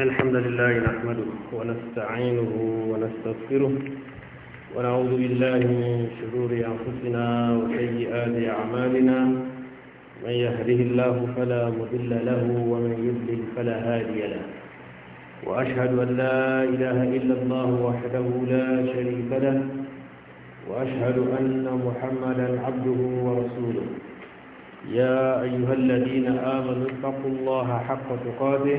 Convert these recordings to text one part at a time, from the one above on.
الحمد لله نحمده ونستعينه ونستغفره ونعوذ بالله من شرور أنفسنا وسيئات أعمالنا من يهده الله فلا مضل له ومن يضلل فلا هادي له وأشهد أن لا إله إلا الله وحده لا شريك له وأشهد أن محمدا عبده ورسوله يا أيها الذين آمنوا اتقوا الله حق تقاته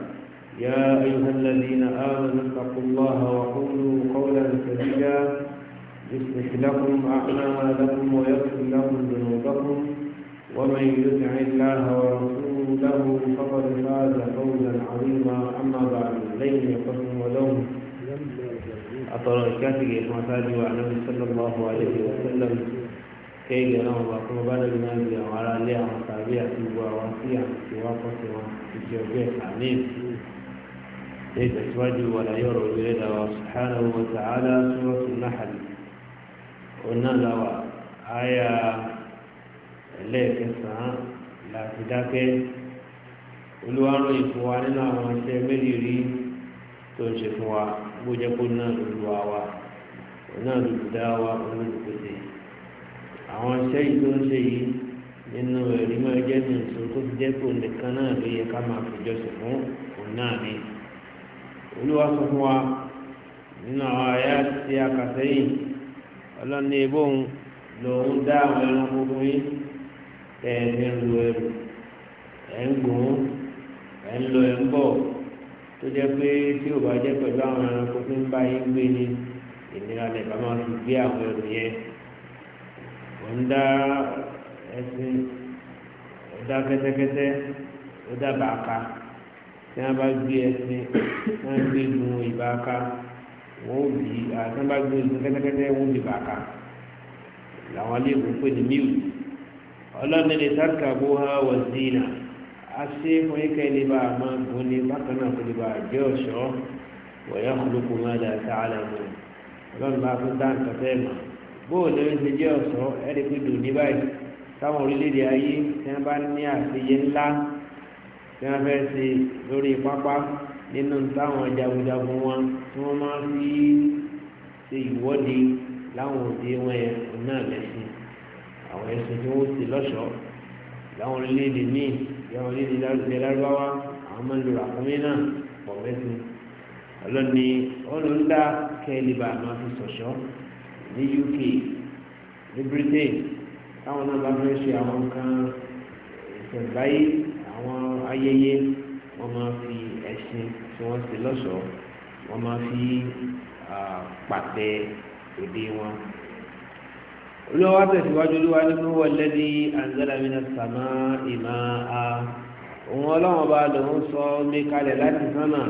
يا أيها الذين آمنوا اتقوا الله وقولوا قولا سديدا يصلح لكم أعمالكم ويغفر لكم ذنوبكم ومن يطع الله ورسوله فقد فاز فوزا عظيما أما بعد لين يقصد ولوم أطر الكاتب مساجي وعنه صلى الله عليه وسلم كي يرام باقوم بعد بنادي وعلى الله وصحبه وسوى وصيع سوى قصوى في جوبه حميم يتسوجوا ولا يروا إلينا سبحانه وتعالى سورة النحل قلنا له آية ليك الساعة لا تداك olùwárò ìfowó nínú àwọn iṣẹ́ méjì rí tó ń ṣe fún wa bó jẹ́ kó náà lòlùwà wa náà lòlùdá wa olùdókòtè àwọn iṣẹ́ yìí tó ń ṣe yìí nínú ẹ̀rí máa jẹ́ nìṣó tó ti jẹ́ kó nìkan náà ló yẹ ká máa fi jọ́sìn fún òun náà ni olúwa sọ fún wa nínú àwọn àyà tí a kà sẹ́yìn ọlọ́ni ebóhùn lòun dá àwọn ẹranko fún yín tẹ̀ ẹ̀ fi ń lu ẹrù ẹ̀ ń gùn ẹ̀ ń lọ ẹ̀ ń tó jẹ́ pé tí ò bá jẹ́ pẹ̀lú àwọn ẹranko tó ń bá yín gbé ni ìnira lè bá máa fi gbé àwọn ẹrù yẹn òun dá ẹṣin ó dá kẹ́tẹ́kẹ́tẹ́ ó dá bàákà tí wọ́n bá gbé ẹsẹ̀ wọ́n gbé gun ìbáka wọ́n ò bí àti wọ́n bá gbé gun kẹ́tẹ́kẹ́tẹ́ wọ́n bí bàkà làwọn aléèwò pè ní miu ọlọ́run lè sáàkà bó ha wọ̀ zina a ṣe fún ikẹ́ lè bá a máa gun ní bákan náà kò lè bá a jẹ́ ọ̀ṣọ́ wọ̀nyá kúlùkù máa dà tá a lànà ọlọ́run bá tún dá nǹkan fẹ́ mọ̀ bóò ní o ti jẹ́ ọ̀ṣọ́ ẹ̀rí ní báyìí táwọn orílẹ̀-èdè ayé tí wọ́n bá ní àṣeyẹ ńlá tí wọ́n fẹ́ ṣe lórí pápá nínú táwọn jagunjagun wọn tí wọ́n máa fi ṣe ìwọ́de láwọn òde wọn yẹn náà lẹ́sìn àwọn ẹ̀sùn tí wọ́n ṣe lọ́ṣọ̀ọ́ láwọn orílẹ̀-èdè míì láwọn orílẹ̀-èdè lárúbáwá àwọn máa ń lo ràkúnmí náà pọ̀ mẹ́sìn ọlọ́ni ọlọ́ńdà kẹ́líbà máa fi ṣọ̀ṣọ́ ní UK ní Britain táwọn náà bá fẹ́ ṣe àwọn nǹkan ìṣẹ̀ǹbáyé àwọn ayẹyẹ wọ́n máa fi ẹ̀sìn tí wọ́n ṣe lọ́ṣọ̀ọ́ wọ́n máa fi pàtẹ òde wọn. olùwà tẹ̀síwájú olúwa nínú wọlẹ́dí anzalamina sàmá ìmá a òun ọlọ́wọ́n bá lòun sọ mí kalẹ̀ láti sánà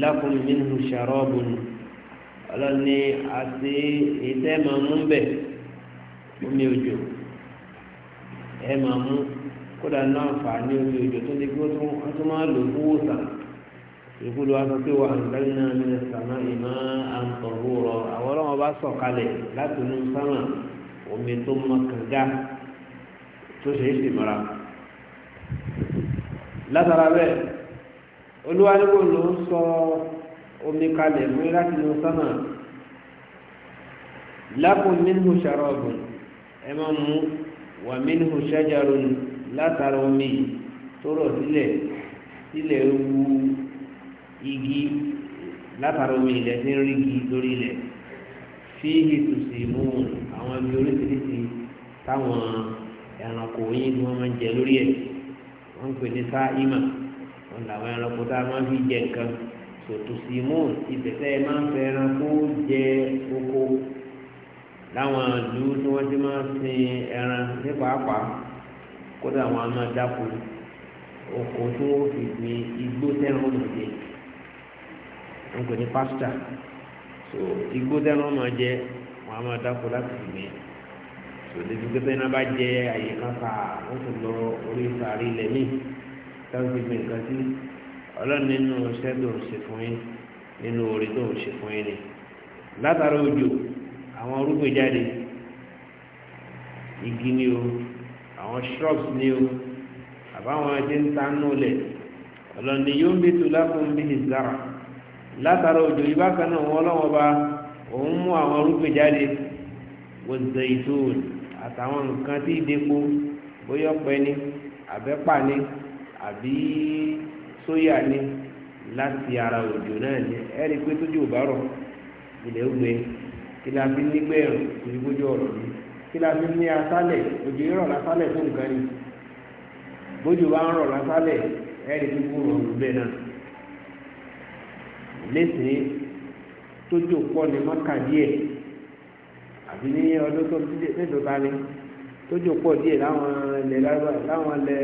lakum minhu sharabun ọlọ́ni àti ìtẹ́ máa mú bẹ̀ omi òjò ẹ máa mú kódà náà fà ní orí òjò tó ti gbó tó wọn tó máa lò fún wòsàn ìkúlù wa sọ pé wà nǹkan náà ní sàmà ìmọ̀ àǹtọ̀rọ̀ rọ àwọn ọlọ́wọ́n bá sọ̀ kalẹ̀ láti inú sámà omi tó mọ kànga tó ṣe é sì látara bẹ́ẹ̀ olúwa ló ń sọ omi kalẹ̀ fún láti inú sámà lákùn nínú ṣàrọ̀ ọ̀gùn ẹ máa mú wà nínú ṣẹ́jàrún látara omi tó rọ̀ sílẹ̀ sílẹ̀ wu igi látara omi ilẹ̀ tí ń rí igi lórí ilẹ̀ fi ìtòsí mú àwọn ibi oríṣiríṣi táwọn ẹranko yín ni wọ́n máa ń jẹ lórí ẹ̀ wọ́n ń pè ní sáà ìmà wọn làwọn ẹranko tá a máa fi jẹ nǹkan sòtòsí mú ìbẹ̀tẹ̀ ẹ máa ń fẹ́ ẹranko jẹ oko láwọn ìlú tí wọ́n ti máa ń sin ẹran ní pàápàá kódà àwọn àmà dáko oko tí wọ́n fi gbin igbó tẹ́rán ọmọ jẹ wọn kò ní pásítà so igbó tẹ́rán ọmọ jẹ wọn àmà dáko láti fi gbin so débi pé bẹ́ẹ̀ náà bá jẹ àyè kan fà wọ́n tún lọ orí sàárì ilẹ̀ míì táwọn fi gbin nǹkan sí ọlọ́run nínú iṣẹ́ tó ń ṣe fún yín nínú orí tó ń ṣe fún yín ni látara òjò àwọn orúkọ jáde igi ni o àwọn shrubs ni o àbáwọn ẹjẹ ń ta nù lẹ̀ ọlọ́ni yóò ń bí tu lákùn bí ìzára látara òjò yìí bákan náà wọn lọ́wọ́ bá òun mú àwọn irúgbìn jáde wọ́n zẹ̀ ìtòòlù àtàwọn nǹkan tí ìdẹ́kọ bóyá ọ̀pẹ ni àbẹ́pà ni àbí sóyà ni láti ara òjò náà ni ẹ̀rí pé tójú ò bá rọ̀ ilẹ̀ ó kí la fi nígbẹ̀rún ìdíkójú ọ̀rọ̀ mi kí la fi ní asálẹ̀ òjò rọ̀ lásálẹ̀ fún nǹkan ni bójú bá ń rọ̀ lásálẹ̀ ẹ̀rí kíkú rọrùn bẹ́ẹ̀ náà lẹ́sìn tójú pọ̀ ní mọ́kà díẹ̀ àbí ní ọdún tó dídé mẹ́tọ́ta ni tójú pọ̀ díẹ̀ láwọn ilẹ̀ láwọn ilẹ̀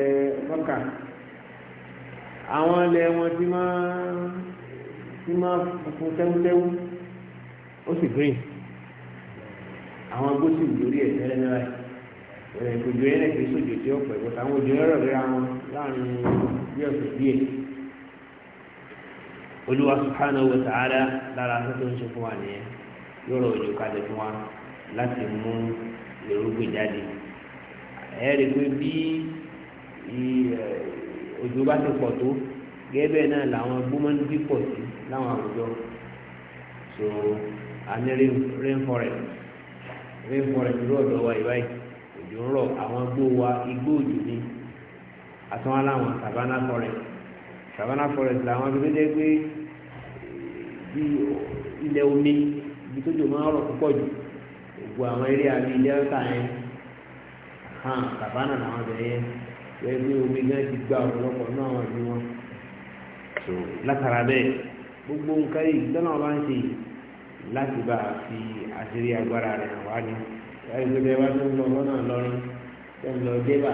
mọ́kà àwọn ilẹ̀ wọn ti máa ti máa funfun tẹ́wútẹ́wú ó sì green àwọn agbóṣì ìdórí ẹ̀ tẹ́lẹ̀ náà ẹ̀ òjò yẹn lè fi sójò tí ó pẹ̀lú àwọn òjò yẹn rọ̀ léra wọn láàrin bí ọ̀sẹ̀ díẹ̀ olúwa subhanahu wa ta'ala lára aṣọ tó ń ṣe fún wa nìyẹn yóò rọ òjò kalẹ̀ fún wa láti mú èrògbè jáde ẹ rí i pé bí òjò bá ti pọ̀ tó gẹ́gẹ́ náà làwọn gbọ́mọdé pọ̀ sí láwọn àwùjọ so a ní rain forest ẹgbẹ́ mọ̀rẹ́ ní rọ́ọ̀dọ̀ wa ìbáyìí òjò ń rọ̀ àwọn igbó wa igbó òjò ni àtúnwá láwọn savana forest savana forest làwọn ibi tó pé bí ilẹ̀ omi ibi tó jò máa ń rọ̀ púpọ̀ jù gbogbo àwọn eré àbí yẹn hàn làwọn bẹ̀rẹ̀ yẹn bẹ́ẹ̀ bí omi náà ti gba ọ̀pọ̀lọpọ̀ náà àwọn ìlú wọn látara bẹ́ẹ̀ láti bá a fi àṣírí agbára rẹ̀ wá ní ẹgbẹ́ wa tó ń lọ lọ́nà lọ́rin tó ń lọ débà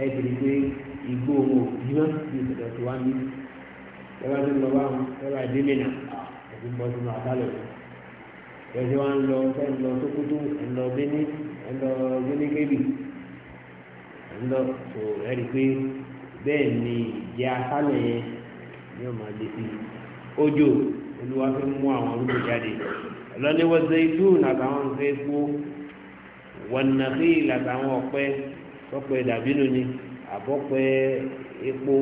ẹ ti di pé igbó wọn ò bí mọ́ bí ìtọ́jọ́ tó wá ní ẹgbẹ́ tó ń lọ bá wọn ẹgbẹ́ àdémì nà ẹbí ń bọ́ sínú àbálẹ̀ wọn ẹgbẹ́ wa ń lọ ẹ ń lọ Sókótó ẹ ń lọ Bẹ́ní ẹ ń lọ Gbẹ́nẹ́gbẹ́bì ẹ ń lọ tó ẹ rí pé bẹ́ẹ̀ ni ìjẹ́ asálẹ̀ yẹn ni ọmọ olúwa fi mú àwọn arúgbó jáde ọlọ́ni wọ́n ṣe ìlú làtàwọn ṣe é kú wọ́n nà sí làtàwọn ọ̀pẹ ọ̀pẹ dàbínú ni àbọ̀pẹ epo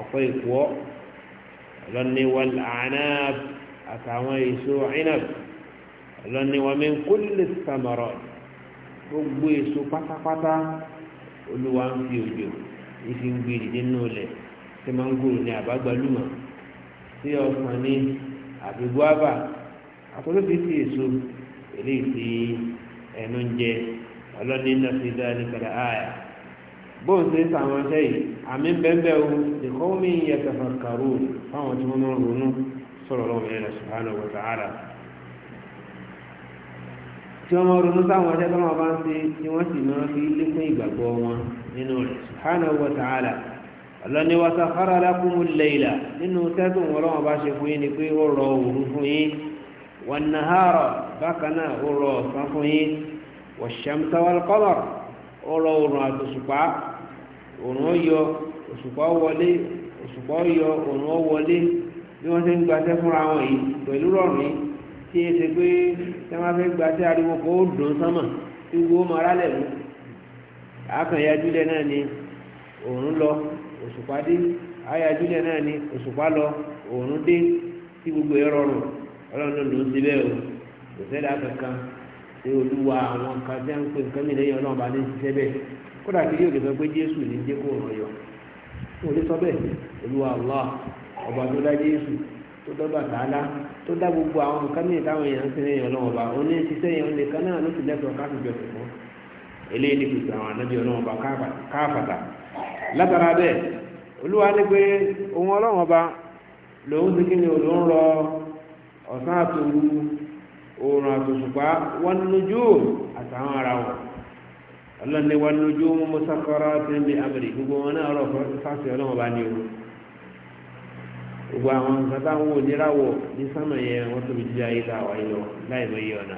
ọ̀pẹ ìkúọ́ ọlọ́ni wọ́n àná àtàwọn èso ìnàb ọlọ́ni wọ́n mi kú lè sàmọ̀rọ̀ gbogbo èso pátápátá olúwa ń fi òjò ìfi ń gbèrè nínú ilẹ̀ tí máa ń gbòòrò ní àbágbálùmọ̀ sí ọsàn ní àbí guava àtọ́lófíìsì èso eléyìí tí ẹnu ń jẹ ọlọ́ni iná fi dá ní kẹlẹ́ ààyè bóun ṣe sàwọn ṣe yìí àmì bẹ́ẹ̀ o nìkan mi yẹ kẹfà kàrú fáwọn tí wọ́n ń ronú sọ̀rọ̀ lọ́wọ́ yẹn lọ́sùn hàn wọ́n ta ara tí wọ́n ronú sáwọn ọjọ́ tó wọn bá ń ṣe tí wọ́n sì máa fi lékún ìgbàgbọ́ wọn nínú rẹ̀ subhanahu wa ta'ala ọlọ́ni wa sakhara lakumul layla nínú tẹ́tùn wọn lọ́wọ́ bá ṣe fún yín ni pé ó rọ òru fún yín wan nahara bákan náà ó rọ ọ̀sán fún yín wash-shamsa wal ó rọ òrùn àtòṣùpá òrùn ó òṣùpá wọlé òṣùpá yọ òrùn ó bí wọ́n ṣe ń gbaṣẹ́ fúnra wọn yìí pẹ̀lú rọrùn yìí tí e ṣe pé ṣé wọ́n fẹ́ gbaṣẹ́ ariwo kó dùn sánmà tí wo mọ aráàlẹ̀ mú àkànyájúlẹ̀ náà ni òòrùn lọ òṣùpá dé àyà náà ni òṣùpá lọ òòrùn dé tí gbogbo ẹ rọrùn ọlọ́run ló ń o kò sẹ́dá kankan ṣé olúwa àwọn kan tí a ń pè nǹkan lẹ́yìn ọlọ́run bá ní ṣiṣẹ́ bẹ́ẹ̀ kódà kí yóò lè fẹ́ pé jésù ní jẹ́ kó ràn yọ kó lè sọ bẹ́ẹ̀ olúwa allah ọba tó dá jésù tó dọ́gba tààlà tó dá gbogbo àwọn nǹkan táwọn èèyàn ń lẹ́yìn ọlọ́run ọba ní ṣiṣẹ́ yẹn látara bẹ́ẹ̀ olúwa ní pé ohun ọba lòun ti kí ni òun rọ ọ̀sán àtòru oòrùn àtòṣùpá wọn lójú àtàwọn ara wọn ọlọ́run ní wọn lójú mú mọ́sákọ́rọ́ ti ń bí amẹ́rì gbogbo wọn náà rọ̀ fún sáṣẹ ọlọ́run ní o gbogbo àwọn nǹkan táwọn wò níràwọ̀ ní sánmà yẹn wọ́n tóbi jíjá ayé tá a wáyé lọ láì mọ iye ọ̀nà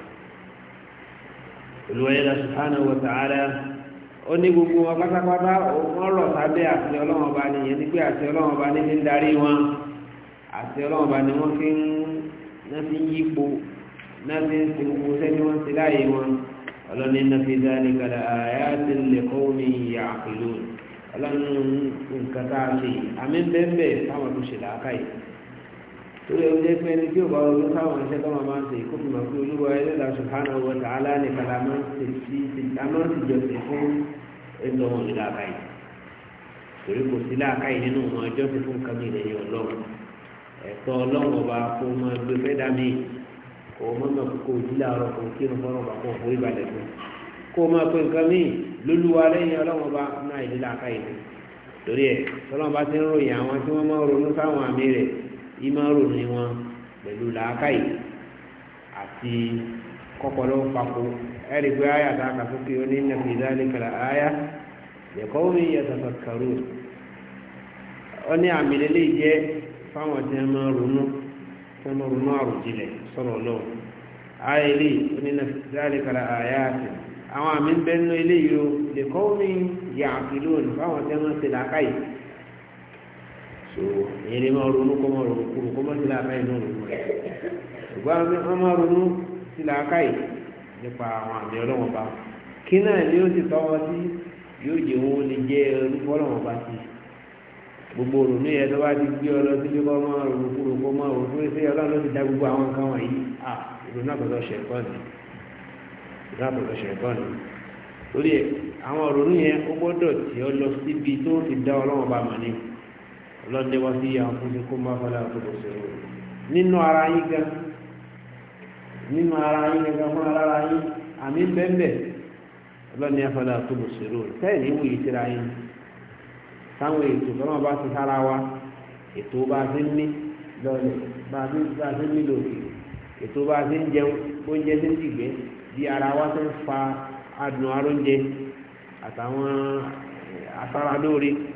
ó ní gbogbo wọn pátápátá wọn rọ̀ sábẹ́ àti ọlọ́wọ́n bá ní yẹn nígbẹ́ àti ọlọ́wọ́n bá ní fi ń darí wọn àti ọlọ́wọ́n bá ní wọ́n fi ń náà fi ń yípo náà fi ń ṣe gbogbo sẹ́ni wọ́n ti láàyè wọn ọlọ́ni náà fi dáni kalẹ̀ àyà ti lè omi ìyá àpèlú ọlọ́run nǹkan tá a ṣe àmì bẹ́ẹ̀ bẹ́ẹ̀ táwọn tó ṣe làákàyè torí ẹ̀rọ jẹ́ pé ẹni tí ò bá ronú sáwọn iṣẹ́ tó máa ń ṣe kó fi mọ̀ pé olúwa ẹlẹ́dàá subhanahu wa ta'ala nìkan la máa ń ṣe sí la máa ń ṣèjọ sí fún ẹnu ọmọ ìlú àbáyé torí kò sí láàkáyé nínú ọmọ ọjọ́ sí fún kàmí ìrẹ̀yìn ọlọ́run ẹ̀tọ́ ọlọ́run ọba kó máa gbé fẹ́ dá mi kó máa mọ̀ kó ojú làárọ̀ kó kí irun fọ́nrán ọba fún ìbàdàn fún kó máa pé nǹkan míì lólúwa lẹ́yìn ọlọ́run ọba náà ìlú làákáyé torí ẹ̀ tọ́lọ́mọba ti ń ròyìn àwọn tí wọ́n máa ronú sáwọn àmì rẹ̀ ìmọ̀rò ní wọn pẹ̀lú làákàyè àti kọ́kọ́lọ́ papò ẹ̀rí pé àyà tá a kà sókè ó ní nàfi ìdánilẹ́kẹ̀lá àyà ẹ̀kọ́ omi yẹtọ̀tọ̀ kàró ó ní àmì lélẹ́ jẹ́ fáwọn tí wọ́n máa ronú tí wọ́n máa ronú àròjinlẹ̀ sọ̀rọ̀ náà àyà ilé ó ní nàfi ìdánilẹ́kẹ̀lá àyà àti àwọn àmì bẹ́ẹ̀ nínú ilé yìí omi fáwọn so èyí ni máa ronú kọ́ máa ronú kúrò kọ́ máa ti láàká yìí náà ronú rẹ̀ ṣùgbọ́n wọ́n máa ronú sí láàká yìí nípa àwọn àmì ọlọ́wọ́n bá kí náà ni ó ti tọ́wọ́ sí yóò jẹ́ owó lè jẹ́ orúkọ ọlọ́wọ́n bá sí gbogbo ronú yẹn tó bá ti gbé ọ lọ sí pé kọ́ máa ronú kúrò kọ́ máa ronú pé ṣé ọlọ́run ló ti dá gbogbo àwọn nǹkan wọ̀nyí à ìrònú àtọ̀tọ̀ ṣẹ̀kọ́ni ìrònú torí àwọn ronú yẹn ó gbọ́dọ̀ tí ọ lọ síbi tó ti dá ọlọ́wọ́n bá mọ̀ ní lọ́dẹ wá sí àfúnṣekó máa fọ́lá àtúbọ̀sẹ̀rọ̀ nínú ara yín gan nínú ara yín gan fún ara yín àmì bẹ́ẹ̀bẹ́ lọ́dẹ afọ́lá àtúbọ̀sẹ̀rọ̀ tẹ́ẹ̀lì wù yìí síra yín táwọn ètò tọ́lọ́ bá ti sára wa ètò bá ti ń ní lọ́lẹ̀ bá ti bá ti ń ní lòkè ètò bá ti ń jẹun oúnjẹ ti ń dìgbẹ́ bí ara wa ti ń fa adùn aróúnjẹ àtàwọn afáralóore. Eh,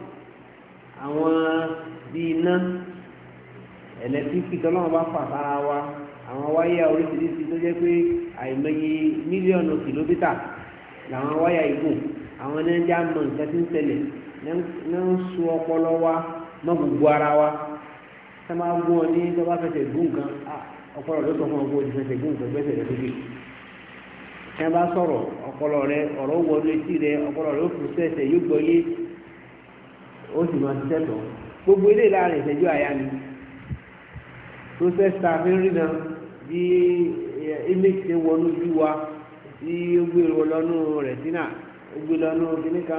àwọn bíi iná ẹ̀lẹ́tíríkì tọ́lọ́wọ́n bá fà sára wa àwọn wáyà oríṣiríṣi tó jẹ́ pé àìmọye mílíọ̀nù kìlómítà làwọn wáyà ìgùn àwọn ẹnẹ́jà mọ̀ nǹkan tí ń ṣẹlẹ̀ ní ń so ọpọlọ wa mọ́ gbogbo ara wa tá máa gún ọ ní tó bá fẹsẹ̀ gún nǹkan ọpọlọ ló sọ fún ọ pé o ti fẹsẹ̀ gún nǹkan gbẹ́sẹ̀ rẹ lókè tí wọ́n bá sọ̀rọ̀ ọpọlọ rẹ ọ̀rọ̀ wọlé etí rẹ ọpọlọ rẹ ó fi sẹ́sẹ̀ yóò gbọ́ yé ó sì máa ṣiṣẹ́ tán gbogbo ilé láàrin ìṣẹ́jú àyà ni process ta fi ń rìnà bí eh, image ṣe wọnú bí wa tí ó gbé wọ lọ́nú retina ó gbé lọ́nú kíníkà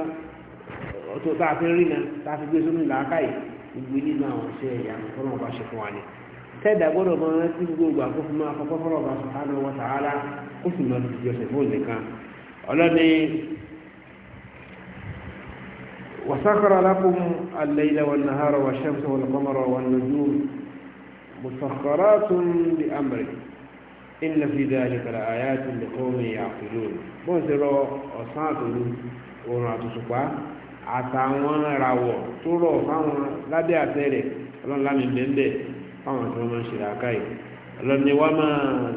tó tá a fi ń rìnà tá a fi gbé sómi làákàyè gbogbo ilé náà àwọn iṣẹ́ ẹ̀yà fọ́nà ọba ṣe fún wa ni tẹ́ẹ̀dá gbọ́dọ̀ máa rántí gbogbo àkókò máa fọ́fọ́ fọ́nà ọba subhanahu wa ta'ala kó sì máa fi ọ̀sẹ̀ fóònù nìkan ọlọ́ni وسخر لكم الليل والنهار والشمس والقمر والنجوم مسخرات بأمره إن في ذلك لآيات لقوم يعقلون بونسرو أساتو ونعطو سبا أتاوان راو تورو فاو لدي أتيري لن لامي بمبي فاو سوما شراكاي لن وما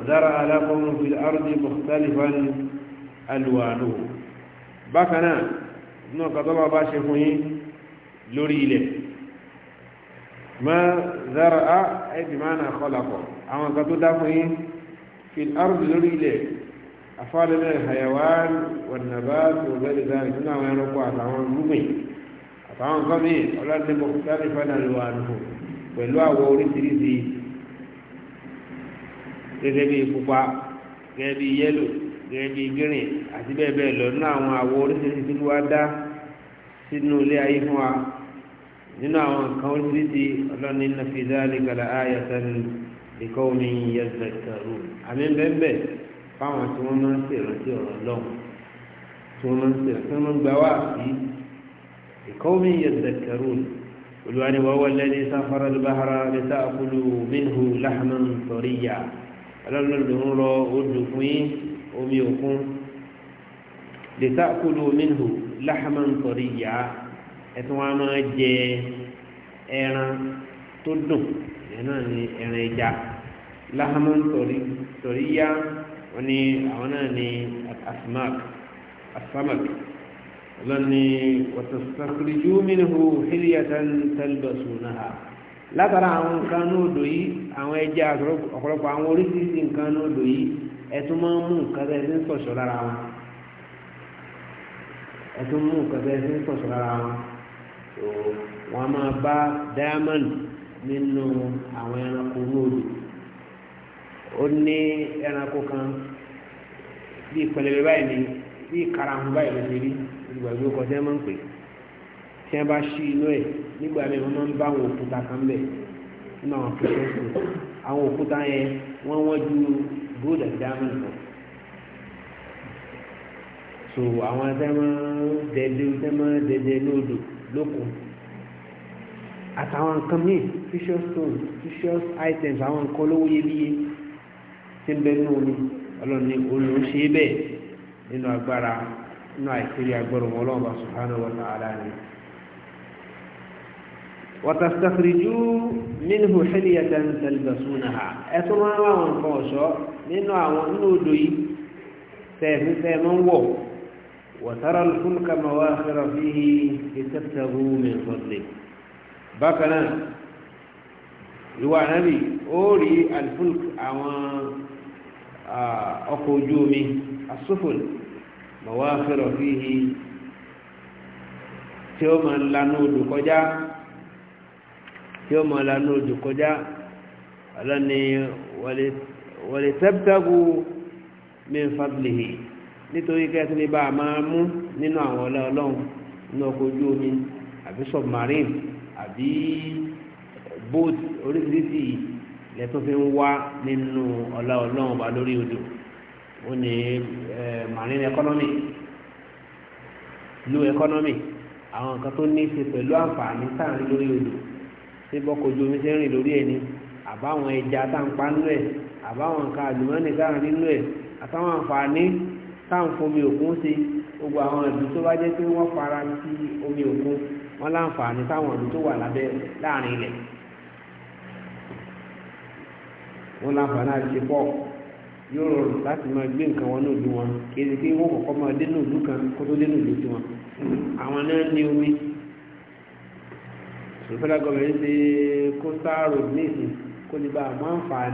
ذرع لكم في الأرض مختلفا ألوانه بكنا inú ọ̀gá tó bá ṣe fún yín lórí ilẹ̀ ma zara a ẹbí máa nà kọlàkọ̀ àwọn ọ̀gá tó dá fún yín fi arùn lórí ilẹ̀ afọ́lẹ́lẹ̀ hayawan wọ̀nàbá tó bẹ́ẹ̀ dáa nínú àwọn ẹranko àtàwọn rúgbìn àtàwọn nǹkan míì sáré fẹ́nà lọ́wọ́ pẹ̀lú àwọ̀ oríṣiríṣi gẹ́gẹ́ bí pupa gẹ́gẹ́ bí yẹ́lò gẹ́gẹ́ bí gírìn àti bẹ́ẹ̀ bẹ́ẹ̀ lọ àwọn àwọ̀ oríṣiríṣi tí wọ́n á dá sínú ilé ayé fún wa nínú àwọn nǹkan oríṣiríṣi ọlọ́ni iná fi dáálé gàlà ayé sẹ́nu ìkọ́ omi yẹsẹ̀ kẹrù àmì bẹ́ẹ̀ fáwọn tí wọ́n máa ń ṣèrántí ọ̀rọ̀ lọ́wọ́ tí wọ́n máa ń ṣèrántí wọ́n máa ń gbà wá sí ìkọ́ omi yẹsẹ̀ kẹrù olùwàní lẹ́ni sáfara lùbáhara lẹ́sà àkúlù minhu láhàmán sọ̀ríyà ọlọ́lọ́dún láhàmà ń sọ̀rọ̀ ìyá ẹ̀tún wa máa jẹ ẹran tó dùn ìyẹn náà ni ẹran ẹja láhàmà ń sọ̀rọ̀ ìyá wọn ni àwọn náà ni asmak asamak lọ́ni wàtàkìrìjú mìíràn hìlìyàtà tẹ́lbẹ̀sù náà látara àwọn nǹkan nóòdò yìí àwọn ẹja ọ̀pọ̀lọpọ̀ àwọn oríṣiríṣi nǹkan nóòdò yìí ẹ̀tún mú nǹkan tẹ́lẹ̀ ń sọ̀ṣọ́ lára wọn ẹtún mú nǹkan bẹ́ẹ̀ sí sọ̀tún lára wọn tó wọn a máa bá diamond nínú àwọn ẹranko lóòdù ó ní ẹranko kan bí ìpẹlẹbẹ báyìí ni bí ìkarahun báyìí ló ti rí ìgbà ìlú ọkọ tẹ́ máa ń pè tí wọ́n bá ṣí inú ẹ̀ nígbà míì wọ́n máa ń bá àwọn òkúta kan bẹ̀ nínú àwọn òkúta yẹn wọ́n wọ́n ju gold and diamond lọ so àwọn dẹ́dẹ́ lódò lókun àtàwọn nǹkan míì precious stones precious items àwọn nǹkan olówó iyebíye tí ń bẹ nínú omi ọlọ́run ní olùrún ṣe é bẹ́ẹ̀ nínú agbára nínú àìsírí agbọ́rọ̀ wọn ọlọ́run bá subhanahu wa ta'ala ni wa tastakhriju minhu hilyatan talbasunaha ẹ̀tún wọn láwọn nǹkan ọ̀ṣọ́ nínú àwọn nínú odò yìí tẹ̀ẹ̀fẹ́ mọ́ ń wọ̀ وترى الفلك مواخر فيه لتبتغوا من فضله بكنا ìwà ànábì ó rí alfulk àwọn ọkọ̀ ojú omi asúfòl mọ̀wá fẹ́rọ̀ fíhi tí ó máa lanú odò kọjá tí ó máa lanú odò kọjá ọlọ́ni wọlé tẹ́bẹ́gù min fadlihi nítorí kẹ́tùn lè bá a máa mú nínú àwọn ọlá ọlọ́run nínú ọkọ̀ ojú omi àbí submarine àbí eh, boat oríṣiríṣi lẹ́tọ́ fi ń wá nínú ọlá ọlọ́run ọba lórí odò ó ní eh, marine economy blue economy àwọn nǹkan tó ní í ṣe pẹ̀lú àǹfààní sáàrin lórí odò ṣé bọ́kọ̀ ojú omi ṣe ń rìn lórí ẹ̀ ni àbáwọn ẹja tá à pa nínú ẹ̀ àbáwọn nǹkan àlùmọ́ọ́nì tá nínú ẹ̀ àtàwọn àǹfààní táwọn fomi òkun ṣe gbogbo àwọn ìlú tó bá jẹ́ pé wọ́n fara sí omi òkun wọ́n láǹfààní táwọn ìlú tó wà lábẹ́ láàrin ilẹ̀ wọ́n láǹfààní àti pọ̀ yóò rọrùn láti máa gbé nǹkan wọn nílùú wọn kí ẹni pé wọ́n kọ́kọ́ máa dé nílùú kan kó tó dé nílùú tiwọn àwọn náà ní omi ìfẹ́lẹ́ gọ́ọ̀mẹ̀ntì ṣe coastal road ní ìsìn kó lè bá a máa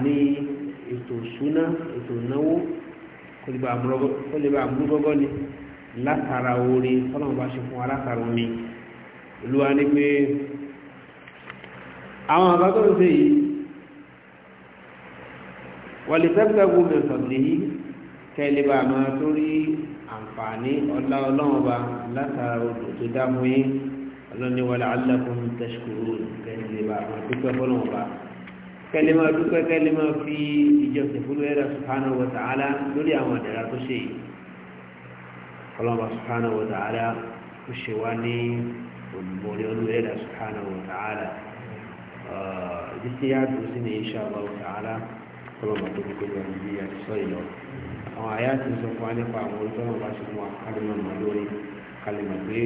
ètò ìṣúná ètò ìnáwó kó lè bá mú gọ́gọ́ ni látara oore tọ́lọ́mù bá ṣe fún wa látara omi olúwa ní pé àwọn àbágọ́ ń ṣe yìí wọ́n lè tẹ́gbẹ́gbù mẹ́sàn-án yìí kẹ́lẹ́ bá máa torí àǹfààní ọlá ọlọ́mọba látara odò tó dá yín ọlọ́ni wọlé alákùnrin tẹ́ṣkúrú kẹ́lẹ́ bá máa dúpẹ́ fọlọ́mọba kẹlẹ́ máa dúpẹ́ kẹlẹ́ máa fi ìjọsìn fún ẹ̀rọ subhanahu wa ta'ala lórí àwọn àdàrà tó ṣe yìí ọlọ́mọ subhanahu wa ta'ala ó ṣe wá ní olùborí olú ẹ̀rọ subhanahu wa ta'ala ibi tí a dùn sí ní insha Allah ta'ala ọlọ́mọ tó kókó lọ níbi àtisọ́ ìlọ àwọn àyà ti sọ fún wa nípa àwọn orí bá ṣe fún wa kálímọ̀ mọ́ lórí kálímọ̀ pé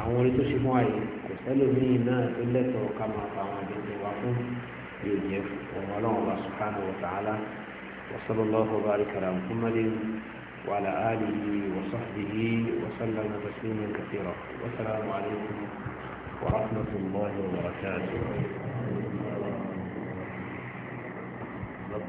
àwọn orí tó ṣe fún wa yìí kò sẹ́lómi náà tó lẹ́tọ̀ọ́ ká máa fa àwọn àjẹjẹ yóò jẹ́ ọ̀rọ̀ ọlọ́run ọba subhanahu wa ta'ala wa sallallahu wa barika ala muhammadin wa ala alihi wa sahbihi wa sallama tasliman kathira wa salaamu alaykum wa rahmatullahi wa barakatuh.